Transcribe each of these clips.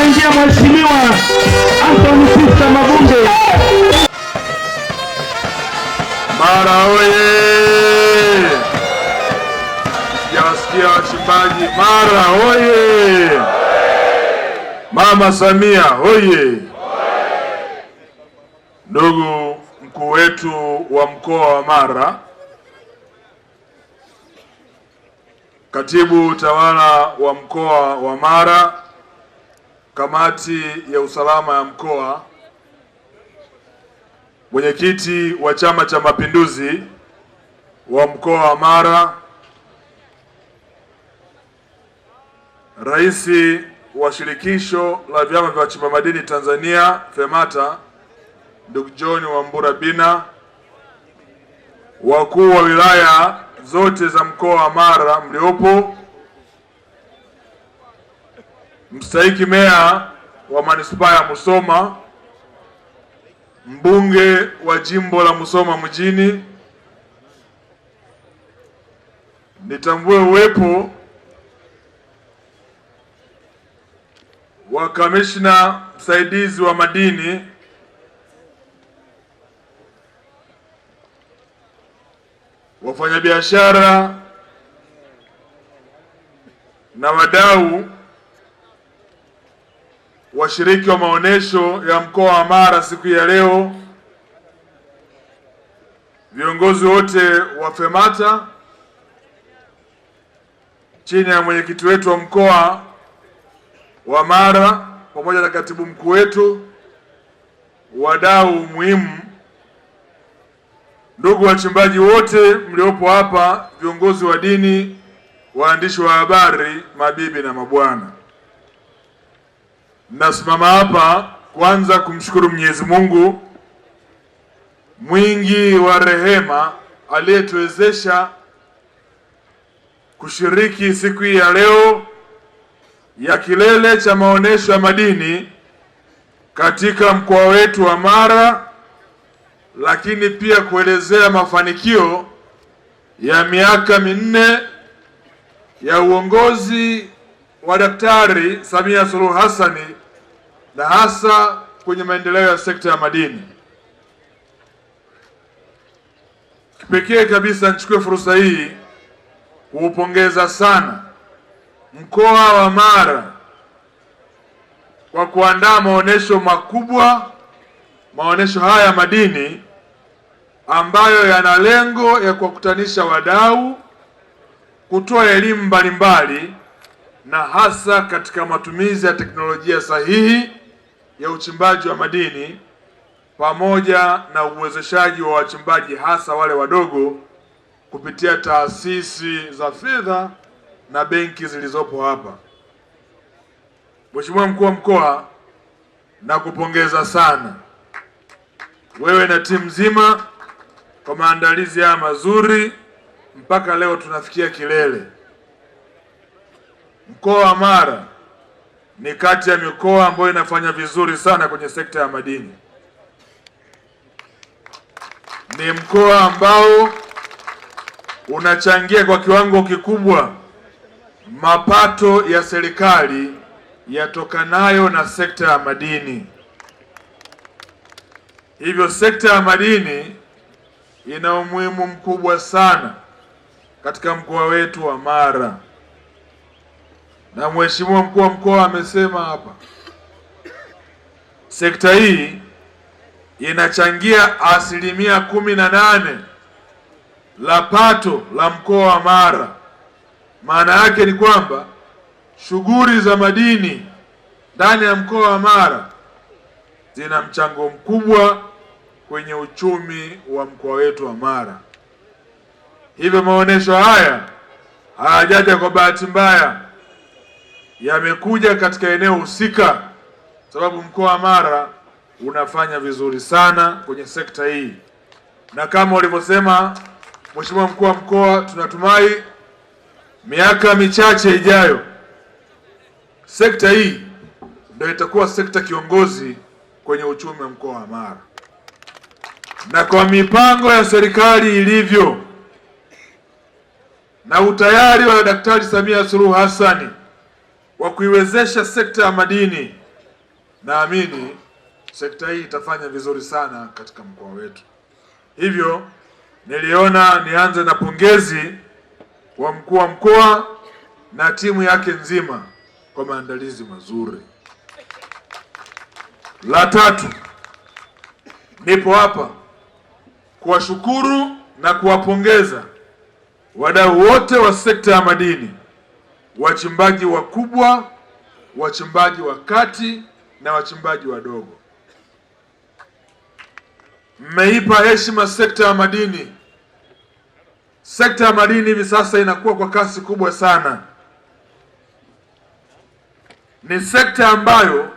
anaingia mheshimiwa Anthony Sista Mavunde. Mara oye! Sijawasikia wachimbaji. Mara oye! Mama Samia oye! Ndugu mkuu wetu wa mkoa wa Mara, katibu tawala wa mkoa wa Mara kamati ya usalama ya mkoa, mwenyekiti wa Chama cha Mapinduzi wa mkoa wa Mara, rais wa shirikisho la vyama vya wachimba madini Tanzania FEMATA, ndugu John Wambura Bina, wakuu wa wilaya zote za mkoa wa Mara mliopo mstahiki meya wa manispaa ya Musoma, mbunge wa jimbo la Musoma mjini, nitambue uwepo wa kamishna msaidizi wa madini wafanyabiashara na wadau washiriki wa maonesho ya mkoa wa Mara siku ya leo, viongozi wote wa FEMATA chini ya mwenyekiti wetu wa mkoa wa Mara pamoja na katibu mkuu wetu, wadau muhimu, ndugu wachimbaji wote mliopo hapa, viongozi wa dini, waandishi wa habari, mabibi na mabwana Nasimama hapa kwanza kumshukuru Mwenyezi Mungu mwingi wa rehema aliyetuwezesha kushiriki siku hii ya leo ya kilele cha maonesho ya madini katika mkoa wetu wa Mara, lakini pia kuelezea mafanikio ya miaka minne ya uongozi wa Daktari Samia Suluhu Hassani na hasa kwenye maendeleo ya sekta ya madini. Kipekee kabisa nichukue fursa hii kuupongeza sana mkoa wa Mara kwa kuandaa maonesho makubwa. Maonesho haya ya madini ambayo yana lengo ya kuwakutanisha wadau, kutoa elimu mbalimbali na hasa katika matumizi ya teknolojia sahihi ya uchimbaji wa madini pamoja na uwezeshaji wa wachimbaji hasa wale wadogo kupitia taasisi za fedha na benki zilizopo hapa. Mheshimiwa Mkuu wa Mkoa, nakupongeza sana wewe na timu nzima kwa maandalizi haya mazuri mpaka leo tunafikia kilele. Mkoa wa Mara ni kati ya mikoa ambayo inafanya vizuri sana kwenye sekta ya madini. Ni mkoa ambao unachangia kwa kiwango kikubwa mapato ya serikali yatokanayo na sekta ya madini. Hivyo sekta ya madini ina umuhimu mkubwa sana katika mkoa wetu wa Mara na mheshimiwa mkuu wa mkoa amesema hapa, sekta hii inachangia asilimia kumi na nane la pato la mkoa wa Mara. Maana yake ni kwamba shughuli za madini ndani ya mkoa wa Mara zina mchango mkubwa kwenye uchumi wa mkoa wetu wa Mara. Hivyo maonesho haya hayajaja kwa bahati mbaya yamekuja katika eneo husika, sababu mkoa wa Mara unafanya vizuri sana kwenye sekta hii, na kama walivyosema Mheshimiwa mkuu wa mkoa, tunatumai miaka michache ijayo sekta hii ndio itakuwa sekta kiongozi kwenye uchumi wa mkoa wa Mara, na kwa mipango ya serikali ilivyo na utayari wa Daktari Samia Suluhu Hassani wa kuiwezesha sekta ya madini, naamini sekta hii itafanya vizuri sana katika mkoa wetu. Hivyo niliona nianze na pongezi wa mkuu wa mkoa na timu yake nzima kwa maandalizi mazuri. La tatu, nipo hapa kuwashukuru na kuwapongeza wadau wote wa sekta ya madini wachimbaji wakubwa, wachimbaji wa kati na wachimbaji wadogo. Mmeipa heshima sekta ya madini. Sekta ya madini hivi sasa inakuwa kwa kasi kubwa sana. Ni sekta ambayo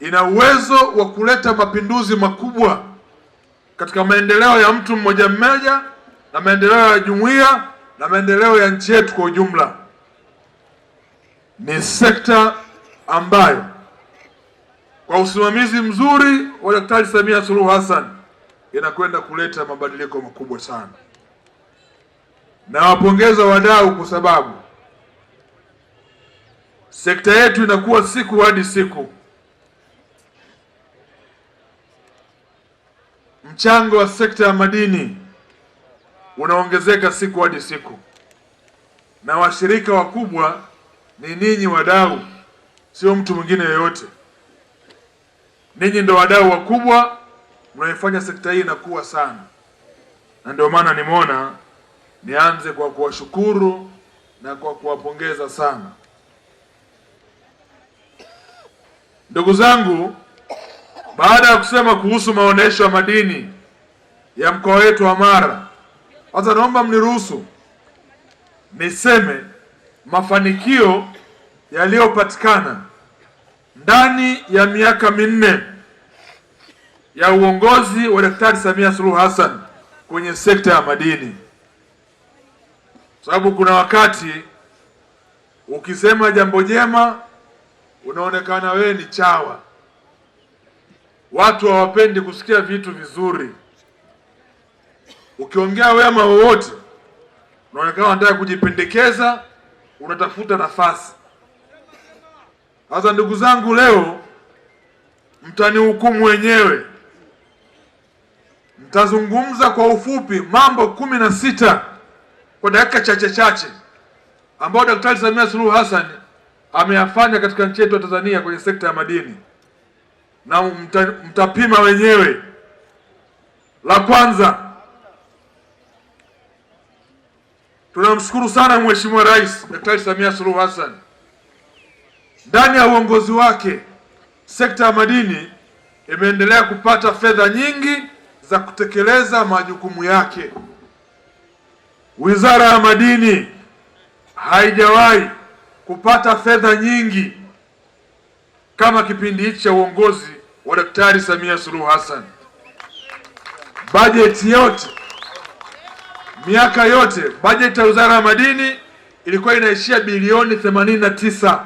ina uwezo wa kuleta mapinduzi makubwa katika maendeleo ya mtu mmoja mmoja na maendeleo ya jumuiya na maendeleo ya nchi yetu kwa ujumla ni sekta ambayo kwa usimamizi mzuri wa Daktari Samia Suluhu Hassan inakwenda kuleta mabadiliko makubwa sana. Nawapongeza wadau kwa sababu sekta yetu inakuwa siku hadi siku, mchango wa sekta ya madini unaongezeka siku hadi siku, na washirika wakubwa ni ninyi wadau, sio mtu mwingine yoyote. Ninyi ndo wadau wakubwa mnaifanya sekta hii inakuwa sana, na ndio maana nimeona nianze kwa kuwashukuru na kwa kuwapongeza sana. Ndugu zangu, baada ya kusema kuhusu maonesho ya madini ya mkoa wetu wa Mara, sasa naomba mniruhusu niseme mafanikio yaliyopatikana ndani ya miaka minne ya uongozi wa Daktari Samia Suluhu Hassan kwenye sekta ya madini, sababu kuna wakati ukisema jambo jema unaonekana wewe ni chawa. Watu hawapendi kusikia vitu vizuri. Ukiongea wema wowote unaonekana unataka kujipendekeza unatafuta nafasi. Sasa ndugu zangu, leo mtanihukumu wenyewe. Mtazungumza kwa ufupi mambo kumi na sita kwa dakika chache chache ambayo Daktari Samia Suluhu Hassan ameyafanya katika nchi yetu ya Tanzania kwenye sekta ya madini, na mta, mtapima wenyewe. La kwanza Tunamshukuru sana Mheshimiwa Rais Daktari Samia Suluhu Hassan. Ndani ya uongozi wake sekta ya madini imeendelea kupata fedha nyingi za kutekeleza majukumu yake. Wizara ya Madini haijawahi kupata fedha nyingi kama kipindi hichi cha uongozi wa Daktari Samia Suluhu Hassan. Bajeti yote Miaka yote bajeti ya Wizara ya Madini ilikuwa inaishia bilioni 89.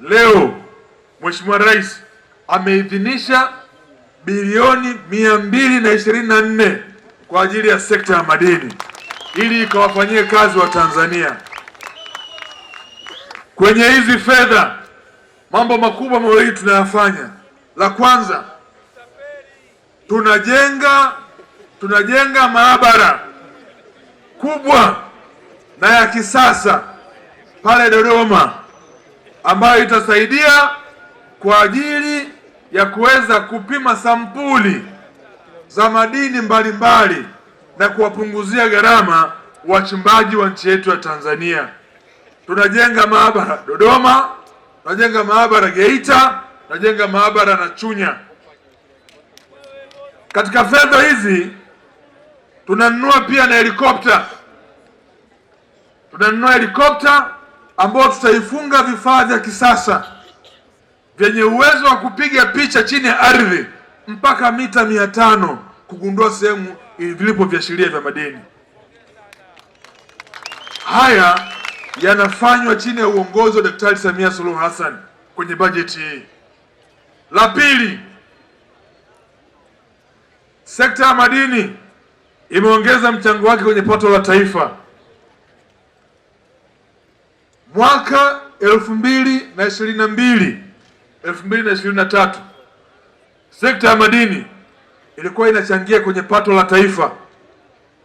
Leo Mheshimiwa Rais ameidhinisha bilioni 224 kwa ajili ya sekta ya madini ili ikawafanyie kazi wa Tanzania. Kwenye hizi fedha mambo makubwa mawili tunayafanya. La kwanza tunajenga tunajenga maabara kubwa na ya kisasa pale Dodoma ambayo itasaidia kwa ajili ya kuweza kupima sampuli za madini mbalimbali mbali na kuwapunguzia gharama wachimbaji wa nchi yetu ya Tanzania. Tunajenga maabara Dodoma, tunajenga maabara Geita, tunajenga maabara na Chunya. Katika fedha hizi tunanunua pia na helikopta, tunanunua helikopta ambayo tutaifunga vifaa vya kisasa vyenye uwezo wa kupiga picha chini ya ardhi mpaka mita mia tano kugundua sehemu vilipo viashiria vya madini. Haya yanafanywa chini ya uongozi wa Daktari Samia Suluhu Hassan kwenye bajeti hii. La pili, sekta ya madini imeongeza mchango wake kwenye pato la taifa. Mwaka elfu mbili na ishirini na mbili elfu mbili na ishirini na tatu sekta ya madini ilikuwa inachangia kwenye pato la taifa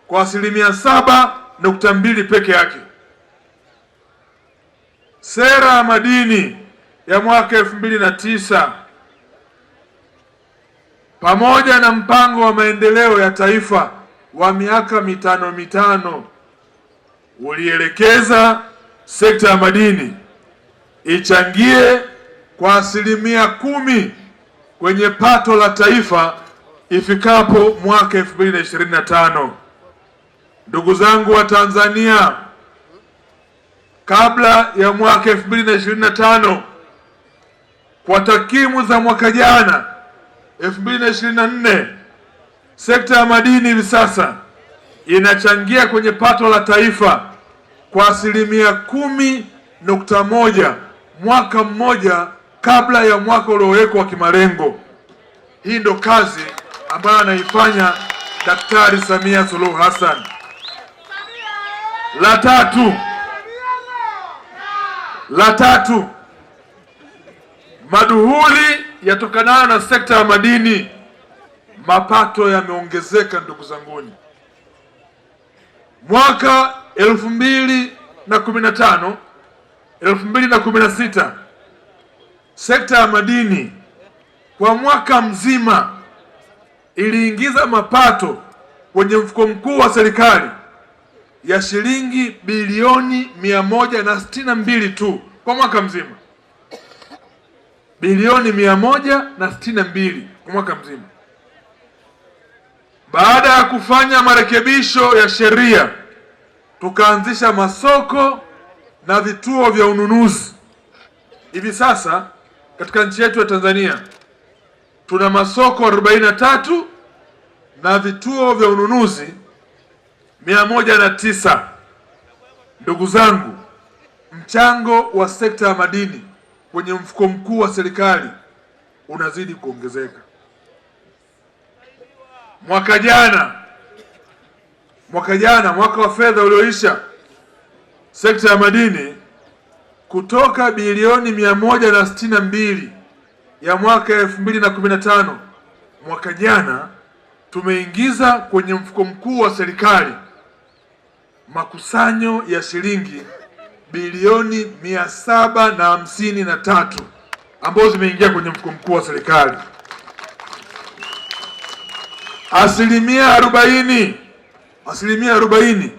kwa asilimia saba nukta mbili peke yake. Sera ya madini ya mwaka elfu mbili na tisa pamoja na mpango wa maendeleo ya taifa wa miaka mitano mitano ulielekeza sekta ya madini ichangie kwa asilimia kumi kwenye pato la taifa ifikapo mwaka 2025. Ndugu zangu wa Tanzania, kabla ya mwaka 2025, kwa takwimu za mwaka jana 2024 Sekta ya madini hivi sasa inachangia kwenye pato la taifa kwa asilimia kumi nukta moja mwaka mmoja kabla ya mwaka uliowekwa wa kimalengo. Hii ndo kazi ambayo anaifanya Daktari Samia Suluhu Hassan. La tatu, la tatu, maduhuli yatokanayo na sekta ya madini mapato yameongezeka ndugu zanguni. Mwaka elfu mbili na kumi na tano elfu mbili na kumi na sita sekta ya madini kwa mwaka mzima iliingiza mapato kwenye mfuko mkuu wa serikali ya shilingi bilioni mia moja na sitini na mbili tu kwa mwaka mzima, bilioni mia moja na sitini na mbili kwa mwaka mzima. Baada ya kufanya marekebisho ya sheria, tukaanzisha masoko na vituo vya ununuzi. Hivi sasa katika nchi yetu ya Tanzania tuna masoko 43 na vituo vya ununuzi tisa. Ndugu zangu, mchango wa sekta ya madini kwenye mfuko mkuu wa serikali unazidi kuongezeka mwaka jana mwaka jana mwaka wa fedha ulioisha, sekta ya madini kutoka bilioni mia moja na sitini na mbili ya mwaka elfu mbili na kumi na tano mwaka jana tumeingiza kwenye mfuko mkuu wa serikali makusanyo ya shilingi bilioni mia saba na hamsini na tatu ambazo zimeingia kwenye mfuko mkuu wa serikali asilimia arobaini asilimia arobaini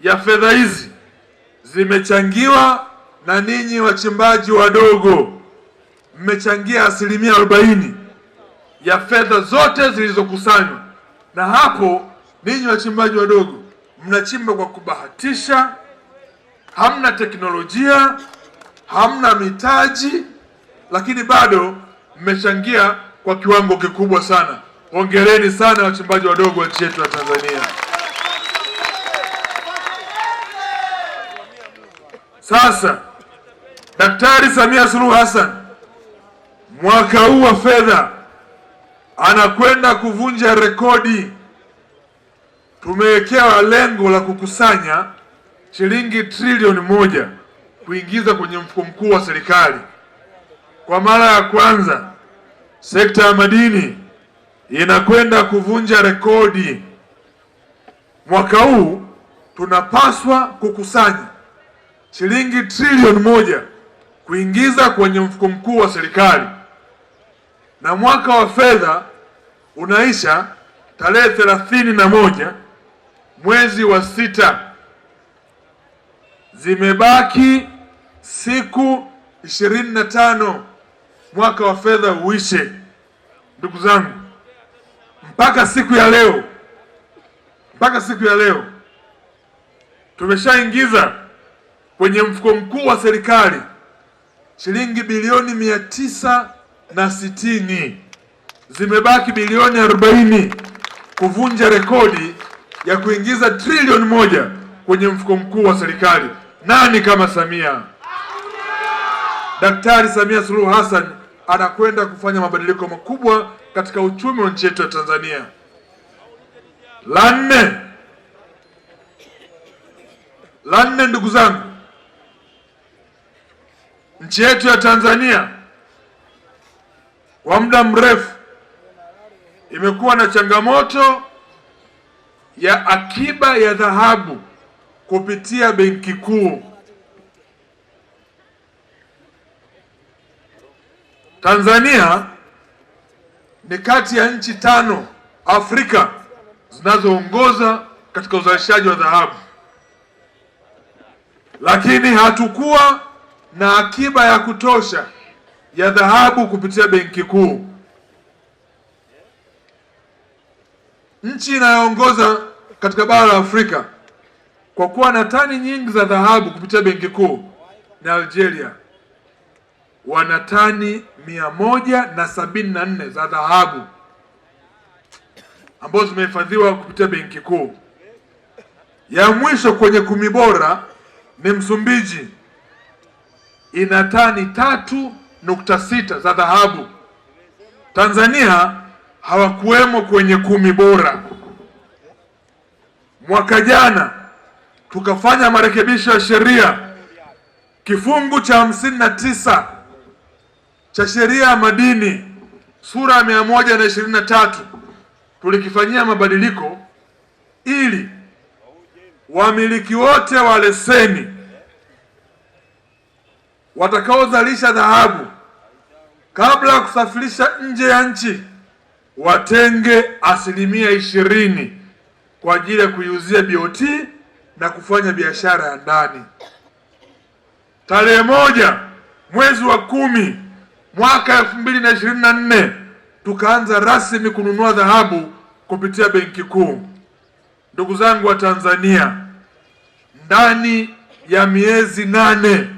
ya fedha hizi zimechangiwa na ninyi wachimbaji wadogo, mmechangia asilimia arobaini ya fedha zote zilizokusanywa, na hapo ninyi wachimbaji wadogo mnachimba kwa kubahatisha, hamna teknolojia, hamna mitaji, lakini bado mmechangia kwa kiwango kikubwa sana. Hongereni sana wachimbaji wadogo wa nchi yetu ya Tanzania. Sasa Daktari Samia Suluhu Hassan mwaka huu wa fedha anakwenda kuvunja rekodi. Tumewekewa lengo la kukusanya shilingi trilioni moja kuingiza kwenye mfuko mkuu wa serikali. Kwa mara ya kwanza sekta ya madini inakwenda kuvunja rekodi. Mwaka huu tunapaswa kukusanya shilingi trilioni moja kuingiza kwenye mfuko mkuu wa serikali, na mwaka wa fedha unaisha tarehe thelathini na moja mwezi wa sita. Zimebaki siku ishirini na tano mwaka wa fedha uishe, ndugu zangu mpaka siku ya leo, mpaka siku ya leo tumeshaingiza kwenye mfuko mkuu wa serikali shilingi bilioni mia tisa na sitini zimebaki bilioni arobaini kuvunja rekodi ya kuingiza trilioni moja kwenye mfuko mkuu wa serikali. Nani kama Samia? Daktari Samia Suluhu Hassan anakwenda kufanya mabadiliko makubwa katika uchumi wa nchi yetu ya Tanzania. La nne, la nne, ndugu zangu, nchi yetu ya Tanzania kwa muda mrefu imekuwa na changamoto ya akiba ya dhahabu kupitia Benki Kuu. Tanzania ni kati ya nchi tano Afrika zinazoongoza katika uzalishaji wa dhahabu, lakini hatukuwa na akiba ya kutosha ya dhahabu kupitia Benki Kuu. Nchi inayoongoza katika bara la Afrika kwa kuwa na tani nyingi za dhahabu kupitia Benki Kuu ni Algeria wana tani mia moja na sabini na nne za dhahabu ambazo zimehifadhiwa kupitia benki kuu. Ya mwisho kwenye kumi bora ni Msumbiji, ina tani tatu nukta sita za dhahabu. Tanzania hawakuwemo kwenye kumi bora. Mwaka jana tukafanya marekebisho ya sheria kifungu cha hamsini na tisa cha sheria ya madini sura ya mia moja na ishirini na tatu tulikifanyia mabadiliko ili wamiliki wote wa leseni watakaozalisha dhahabu kabla ya kusafirisha nje ya nchi watenge asilimia ishirini kwa ajili ya kuiuzia BOT na kufanya biashara ya ndani. Tarehe moja mwezi wa kumi mwaka elfu mbili na ishirini na nne tukaanza rasmi kununua dhahabu kupitia benki kuu. Ndugu zangu wa Tanzania, ndani ya miezi nane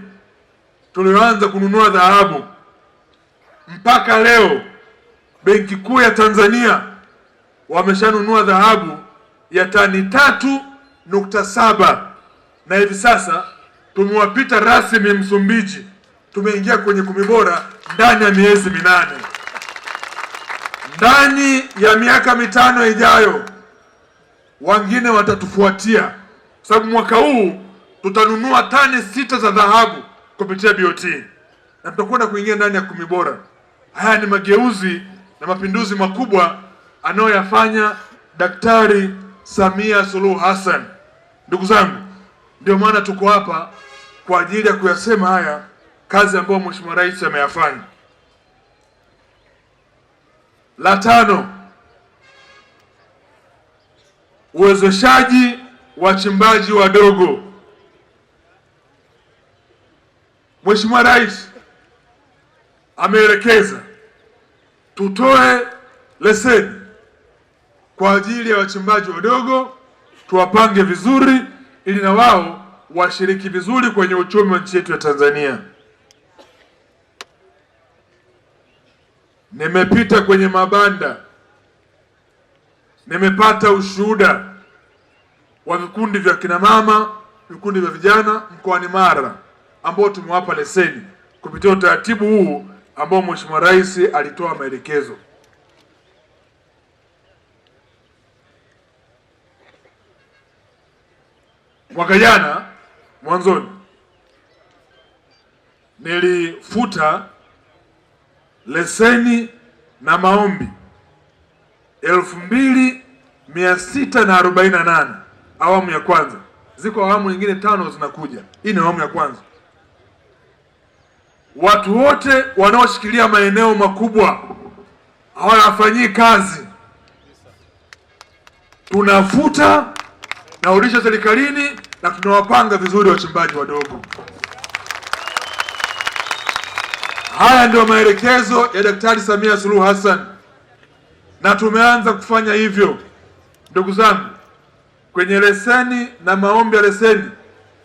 tulioanza kununua dhahabu mpaka leo benki kuu ya Tanzania wameshanunua dhahabu ya tani tatu nukta saba na hivi sasa tumewapita rasmi Msumbiji tumeingia kwenye kumi bora ndani ya miezi minane. Ndani ya miaka mitano ijayo wengine watatufuatia, kwa sababu mwaka huu tutanunua tani sita za dhahabu kupitia BOT na tutakwenda kuingia ndani ya kumi bora. Haya ni mageuzi na mapinduzi makubwa anayoyafanya Daktari Samia Suluhu Hassan. Ndugu zangu, ndio maana tuko hapa kwa ajili ya kuyasema haya kazi ambayo Mheshimiwa Rais ameyafanya. La tano, uwezeshaji wachimbaji wadogo. Mheshimiwa Rais ameelekeza tutoe leseni kwa ajili ya wachimbaji wadogo, tuwapange vizuri ili na wao washiriki vizuri kwenye uchumi wa nchi yetu ya Tanzania. Nimepita kwenye mabanda, nimepata ushuhuda wa vikundi vya kina mama, vikundi vya vijana mkoani Mara ambao tumewapa leseni kupitia utaratibu huu ambao Mheshimiwa Rais alitoa maelekezo. Mwaka jana mwanzoni nilifuta leseni na maombi elfu mbili mia sita na arobaini na nane awamu ya kwanza. Ziko awamu nyingine tano zinakuja. Hii ni awamu ya kwanza. Watu wote wanaoshikilia maeneo makubwa hawafanyii kazi, tunafuta na serikalini na tunawapanga vizuri wachimbaji wadogo. Haya ndio maelekezo ya Daktari Samia Suluhu Hassan na tumeanza kufanya hivyo. Ndugu zangu, kwenye leseni na maombi ya leseni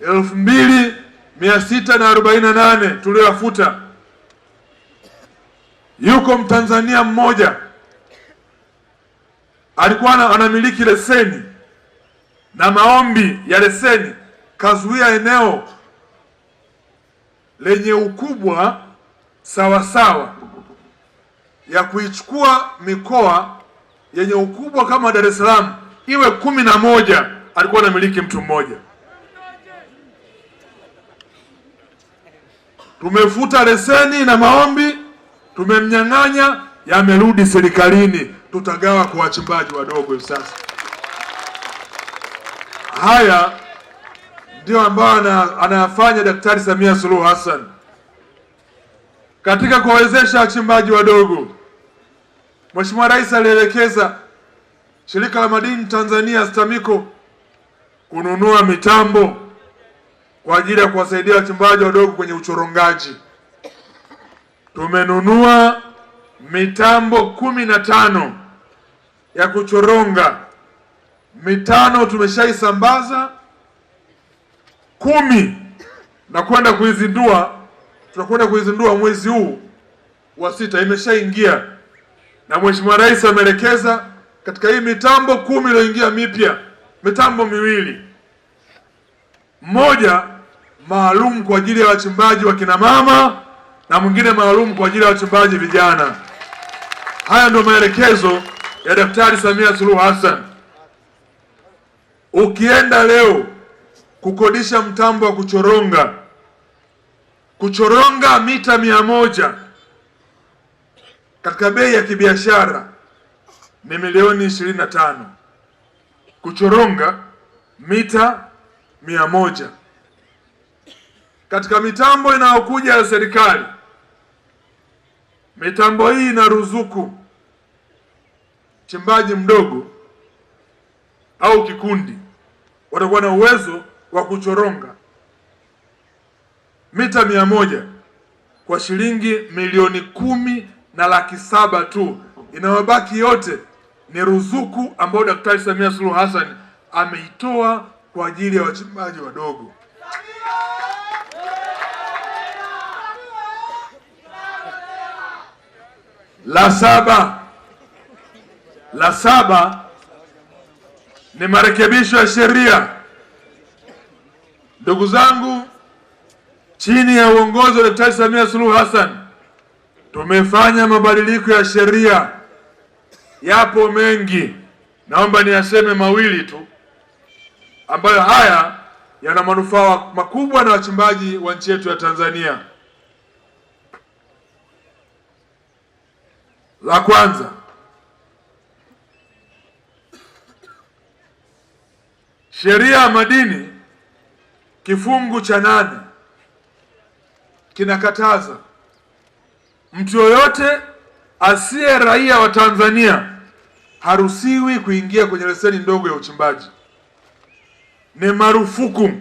elfu mbili mia sita na arobaini na nane tuliyoyafuta, yuko Mtanzania mmoja alikuwa anamiliki leseni na maombi ya leseni, kazuia eneo lenye ukubwa sawasawa ya kuichukua mikoa yenye ukubwa kama Dar es Salaam iwe kumi na moja, alikuwa anamiliki mtu mmoja. Tumefuta leseni na maombi, tumemnyang'anya, yamerudi serikalini, tutagawa kwa wachimbaji wadogo. Hivi sasa haya ndiyo ambayo anayafanya Daktari Samia Suluhu Hassan katika kuwawezesha wachimbaji wadogo. Mheshimiwa Rais alielekeza shirika la madini Tanzania STAMICO kununua mitambo kwa ajili ya kuwasaidia wachimbaji wadogo kwenye uchorongaji. Tumenunua mitambo kumi na tano ya kuchoronga, mitano tumeshaisambaza, kumi na kwenda kuizindua tunakwenda kuizindua mwezi huu wa sita, imeshaingia na Mheshimiwa Rais ameelekeza katika hii mitambo kumi iliyoingia mipya, mitambo miwili, mmoja maalum kwa ajili ya wachimbaji wa kina mama na mwingine maalum kwa ajili ya wachimbaji vijana. Haya ndio maelekezo ya Daktari Samia Suluhu Hassan. Ukienda leo kukodisha mtambo wa kuchoronga kuchoronga mita mia moja katika bei ya kibiashara ni milioni ishirini na tano. Kuchoronga mita mia moja katika mitambo inayokuja ya serikali. Mitambo hii inaruzuku mchimbaji chimbaji mdogo au kikundi watakuwa na uwezo wa kuchoronga mita mia moja kwa shilingi milioni kumi na laki saba tu. Inayobaki yote ni ruzuku ambayo Daktari Samia Suluhu Hassan ameitoa kwa ajili ya wachimbaji wadogo. La saba, la saba ni marekebisho ya sheria. Ndugu zangu chini ya uongozi wa Daktari Samia Suluhu Hassan tumefanya mabadiliko ya sheria, yapo mengi, naomba niyaseme mawili tu ambayo haya yana manufaa makubwa na wachimbaji wa nchi yetu ya Tanzania. La kwanza, sheria ya madini kifungu cha nane kinakataza mtu yoyote asiye raia wa Tanzania haruhusiwi kuingia kwenye leseni ndogo ya uchimbaji. Ni marufuku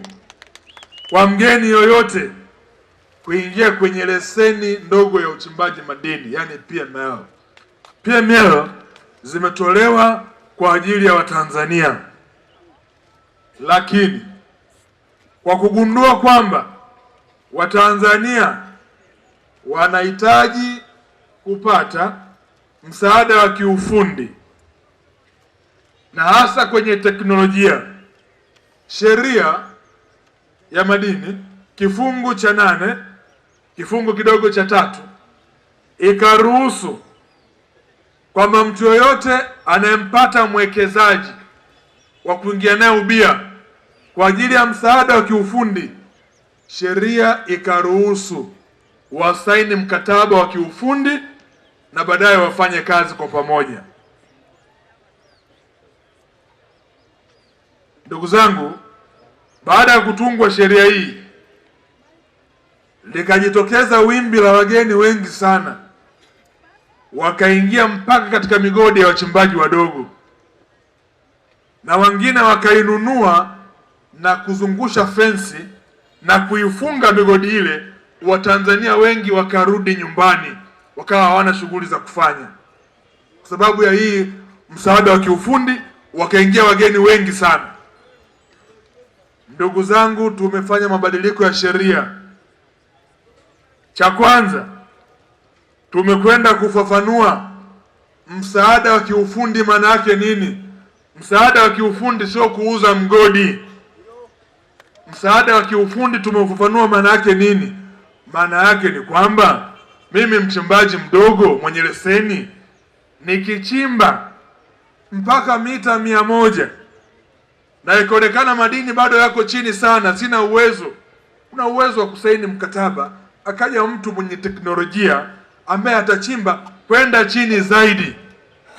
kwa mgeni yoyote kuingia kwenye leseni ndogo ya uchimbaji madini, yani PML. PML zimetolewa kwa ajili ya Watanzania, lakini kwa kugundua kwamba Watanzania wanahitaji kupata msaada wa kiufundi na hasa kwenye teknolojia. Sheria ya madini kifungu cha nane kifungu kidogo cha tatu ikaruhusu kwamba mtu yoyote anayempata mwekezaji wa kuingia naye ubia kwa ajili ya msaada wa kiufundi sheria ikaruhusu wasaini mkataba wa kiufundi na baadaye wafanye kazi kwa pamoja. Ndugu zangu, baada ya kutungwa sheria hii likajitokeza wimbi la wageni wengi sana, wakaingia mpaka katika migodi ya wachimbaji wadogo, na wengine wakainunua na kuzungusha fensi na kuifunga migodi ile, Watanzania wengi wakarudi nyumbani, wakawa hawana shughuli za kufanya kwa sababu ya hii msaada wa kiufundi, wakaingia wageni wengi sana. Ndugu zangu, tumefanya mabadiliko ya sheria. Cha kwanza tumekwenda kufafanua msaada wa kiufundi maana yake nini. Msaada wa kiufundi sio kuuza mgodi. Msaada wa kiufundi tumeufafanua maana yake nini? Maana yake ni kwamba mimi mchimbaji mdogo mwenye leseni nikichimba mpaka mita mia moja na ikaonekana madini bado yako chini sana, sina uwezo, kuna uwezo wa kusaini mkataba, akaja mtu mwenye teknolojia ambaye atachimba kwenda chini zaidi,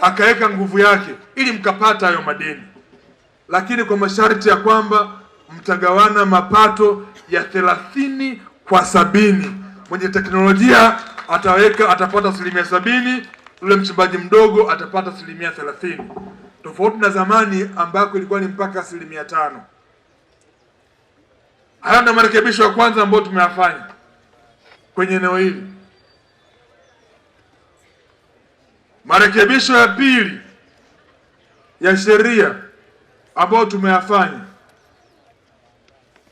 akaweka nguvu yake ili mkapata hayo madini, lakini kwa masharti ya kwamba mtagawana mapato ya thelathini kwa sabini. Mwenye teknolojia ataweka atapata asilimia sabini, yule mchimbaji mdogo atapata asilimia thelathini, tofauti na zamani ambako ilikuwa ni mpaka asilimia tano. Haya ndio marekebisho ya kwanza ambayo tumeyafanya kwenye eneo hili. Marekebisho ya pili ya sheria ambayo tumeyafanya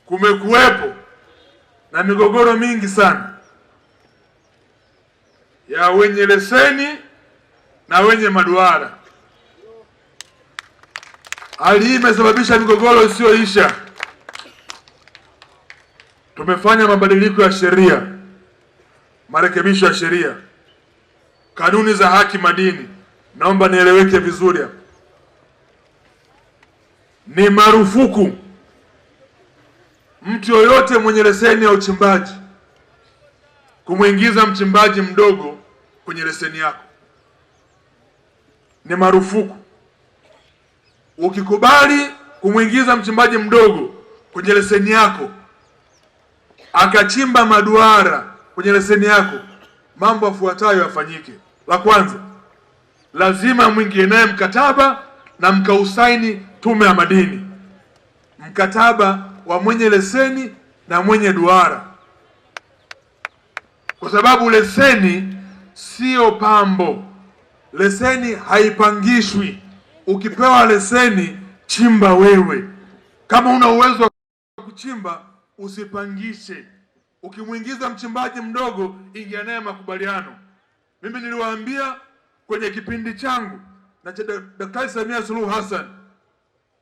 kumekuwepo na migogoro mingi sana ya wenye leseni na wenye maduara. Hali hii imesababisha migogoro isiyoisha. Tumefanya mabadiliko ya sheria, marekebisho ya sheria, kanuni za haki madini. Naomba nieleweke vizuri, ni marufuku mtu yoyote mwenye leseni ya uchimbaji kumwingiza mchimbaji mdogo kwenye leseni yako ni marufuku. Ukikubali kumwingiza mchimbaji mdogo kwenye leseni yako akachimba maduara kwenye leseni yako, mambo yafuatayo yafanyike. La kwanza, lazima mwingie naye mkataba na mkausaini Tume ya Madini mkataba wa mwenye leseni na mwenye duara, kwa sababu leseni siyo pambo. Leseni haipangishwi. Ukipewa leseni, chimba wewe. Kama una uwezo wa kuchimba, usipangishe. Ukimwingiza mchimbaji mdogo, ingia naye makubaliano. Mimi niliwaambia kwenye kipindi changu na cha Daktari Samia Suluhu Hassan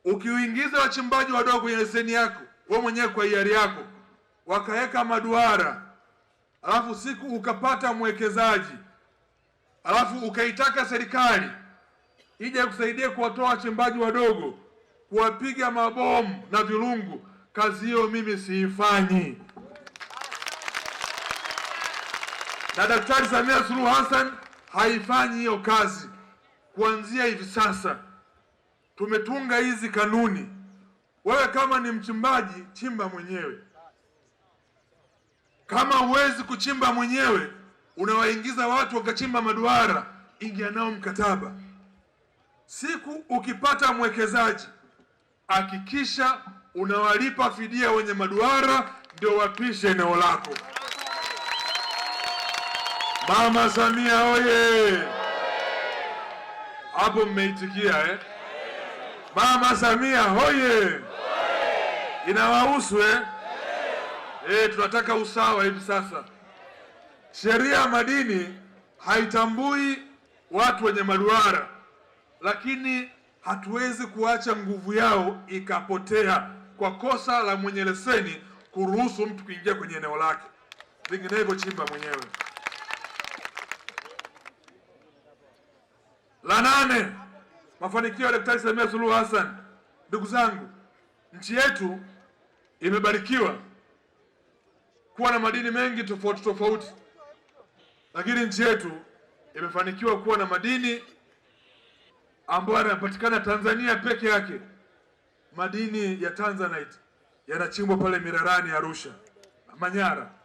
Ukiuingiza wachimbaji wadogo kwenye leseni yako wewe mwenyewe kwa hiari yako, wakaweka maduara, alafu siku ukapata mwekezaji, alafu ukaitaka serikali ije kusaidia kuwatoa wachimbaji wadogo, kuwapiga mabomu na virungu, kazi hiyo mimi siifanyi. Na Daktari Samia Suluhu Hassan haifanyi hiyo kazi kuanzia hivi sasa tumetunga hizi kanuni. Wewe kama ni mchimbaji, chimba mwenyewe. Kama huwezi kuchimba mwenyewe, unawaingiza watu wakachimba maduara, ingia nao mkataba. Siku ukipata mwekezaji, hakikisha unawalipa fidia wenye maduara, ndio wapishe eneo lako. Mama Samia oye! Hapo mmeitikia eh? Mama Samia hoye! Inawahusu eh? Eh, tunataka usawa hivi sasa. Sheria ya madini haitambui watu wenye maduara, lakini hatuwezi kuacha nguvu yao ikapotea kwa kosa la mwenye leseni kuruhusu mtu kuingia kwenye eneo lake, vinginevyo chimba mwenyewe. La nane mafanikio ya Daktari Samia Suluhu Hassan. Ndugu zangu, nchi yetu imebarikiwa kuwa na madini mengi tofauti tofauti, lakini nchi yetu imefanikiwa kuwa na madini ambayo yanapatikana Tanzania peke yake. Madini ya Tanzanite yanachimbwa pale Mirarani, Arusha, Manyara.